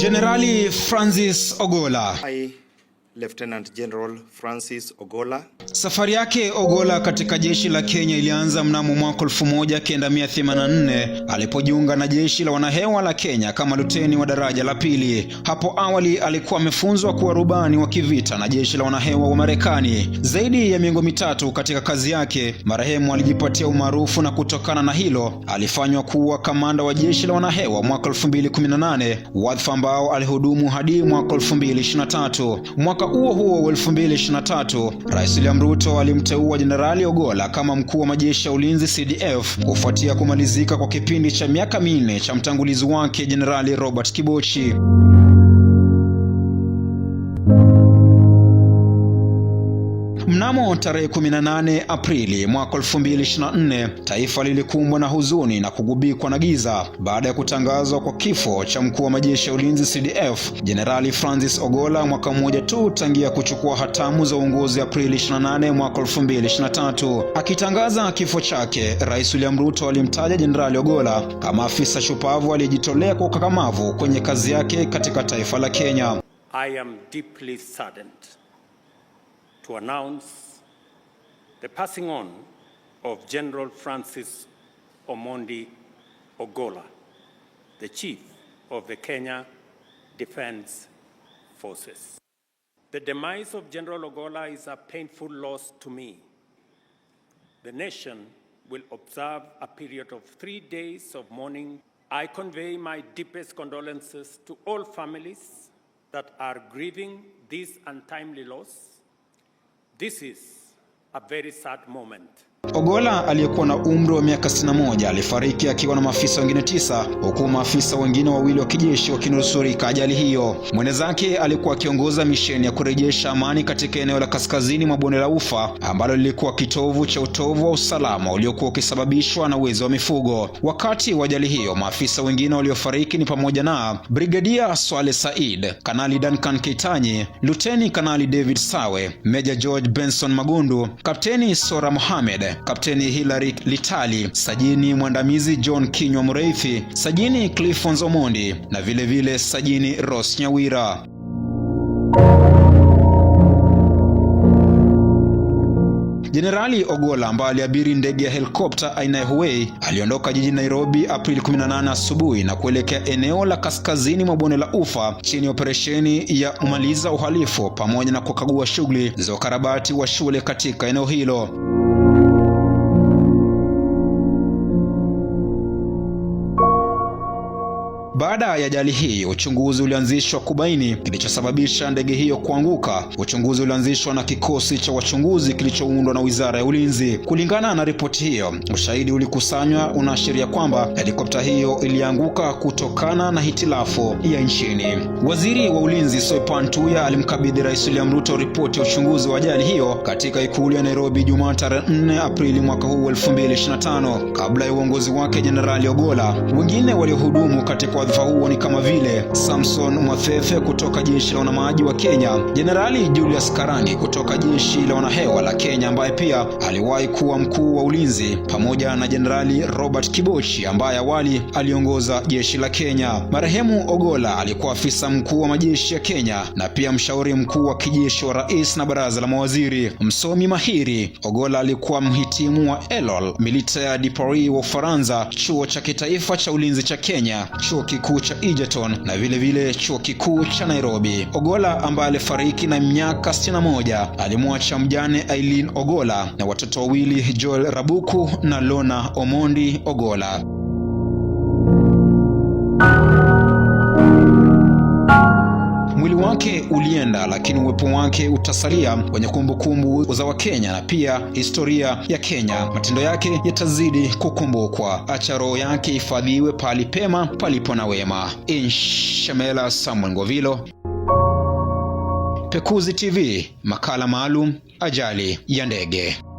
Jenerali Francis Ogola. Lieutenant General Francis Ogola. Safari yake Ogola katika jeshi la Kenya ilianza mnamo mwaka 1984 alipojiunga na jeshi la wanahewa la Kenya kama luteni wa daraja la pili. Hapo awali alikuwa amefunzwa kuwa rubani wa kivita na jeshi la wanahewa wa Marekani. Zaidi ya miongo mitatu katika kazi yake, marehemu alijipatia umaarufu na kutokana na hilo alifanywa kuwa kamanda wa jeshi la wanahewa mwaka 2018, wadhifa ambao alihudumu hadi mwaka 2023. Mwaka huo huo wa 2023, Rais William Ruto alimteua Jenerali Ogola kama mkuu wa majeshi ya ulinzi CDF kufuatia kumalizika kwa kipindi cha miaka minne cha mtangulizi wake Jenerali Robert Kibochi. Mnamo tarehe 18 Aprili mwaka 2024, taifa lilikumbwa na huzuni na kugubikwa na giza baada ya kutangazwa kwa kifo cha mkuu wa majeshi ya ulinzi CDF Jenerali Francis ogola mwaka mmoja tu tangia kuchukua hatamu za uongozi Aprili 28 mwaka 2023. Akitangaza kifo chake, Rais William Ruto alimtaja Jenerali ogola kama afisa shupavu aliyejitolea kwa ukakamavu kwenye kazi yake katika taifa la Kenya. I am deeply saddened to announce the passing on of General Francis Omondi Ogola, the Chief of the Kenya Defense Forces. The demise of General Ogola is a painful loss to me. The nation will observe a period of three days of mourning. I convey my deepest condolences to all families that are grieving this untimely loss this is a very sad moment. ogola aliyekuwa na umri wa miaka 61 alifariki akiwa na maafisa wengine tisa huku maafisa wengine wawili wa kijeshi wakinusurika ajali hiyo. Mwendezake alikuwa akiongoza misheni ya kurejesha amani katika eneo la kaskazini mwa bonde la Ufa ambalo lilikuwa kitovu cha utovu wa usalama uliokuwa ukisababishwa na wezi wa mifugo. Wakati wa ajali hiyo, maafisa wengine waliofariki ni pamoja na Brigedia Swale Said, Kanali Duncan Keitanyi, Luteni Kanali David Sawe, Meja George Benson Magundu, Kapteni Sora Mohamed Kapteni Hilary Litali, Sajini Mwandamizi John Kinywa Mreithi, Sajini Clifons Omondi na vilevile vile Sajini Ros Nyawira. Jenerali Ogola ambaye aliabiri ndege ya helikopta aina ya Huei aliondoka jijini Nairobi Aprili 18 asubuhi na kuelekea eneo la kaskazini mwa bonde la Ufa chini ya operesheni ya kumaliza uhalifu pamoja na kukagua shughuli za ukarabati wa shule katika eneo hilo. Baada ya ajali hii, uchunguzi ulianzishwa kubaini kilichosababisha ndege hiyo kuanguka. Uchunguzi ulianzishwa na kikosi cha wachunguzi kilichoundwa na Wizara ya Ulinzi. Kulingana na ripoti hiyo, ushahidi ulikusanywa unaashiria kwamba helikopta hiyo ilianguka kutokana na hitilafu ya nchini. Waziri wa Ulinzi Soipan Tuya alimkabidhi Rais William Ruto ripoti ya uchunguzi wa ajali hiyo katika ikulu ya Nairobi Jumaa tarehe 4 Aprili mwaka huu 2025, kabla ya uongozi wake Jenerali Ogola. Wengine waliohudumu katika wadhifa huo ni kama vile Samson mwathefe kutoka jeshi la wanamaji wa Kenya, Jenerali Julius Karani kutoka jeshi la wanahewa la Kenya ambaye pia aliwahi kuwa mkuu wa ulinzi, pamoja na Jenerali Robert Kibochi ambaye awali aliongoza jeshi la Kenya. Marehemu Ogola alikuwa afisa mkuu wa majeshi ya Kenya na pia mshauri mkuu wa kijeshi wa rais na baraza la mawaziri. Msomi mahiri, Ogola alikuwa mhitimu wa Elol Militaire de Paris wa Ufaransa, chuo cha kitaifa cha ulinzi cha Kenya, chuo kikuu cha Egerton na vile vile chuo kikuu cha Nairobi. ogola ambaye alifariki na miaka 61 alimwacha mjane Aileen ogola na watoto wawili Joel Rabuku na Lona Omondi ogola wake ulienda, lakini uwepo wake utasalia kwenye kumbukumbu za Wakenya na pia historia ya Kenya. Matendo yake yatazidi kukumbukwa. Acha roho yake ifadhiwe pali pema palipo na wema. Inshamela Samuel Ngovilo, Pekuzi TV, makala maalum, ajali ya ndege.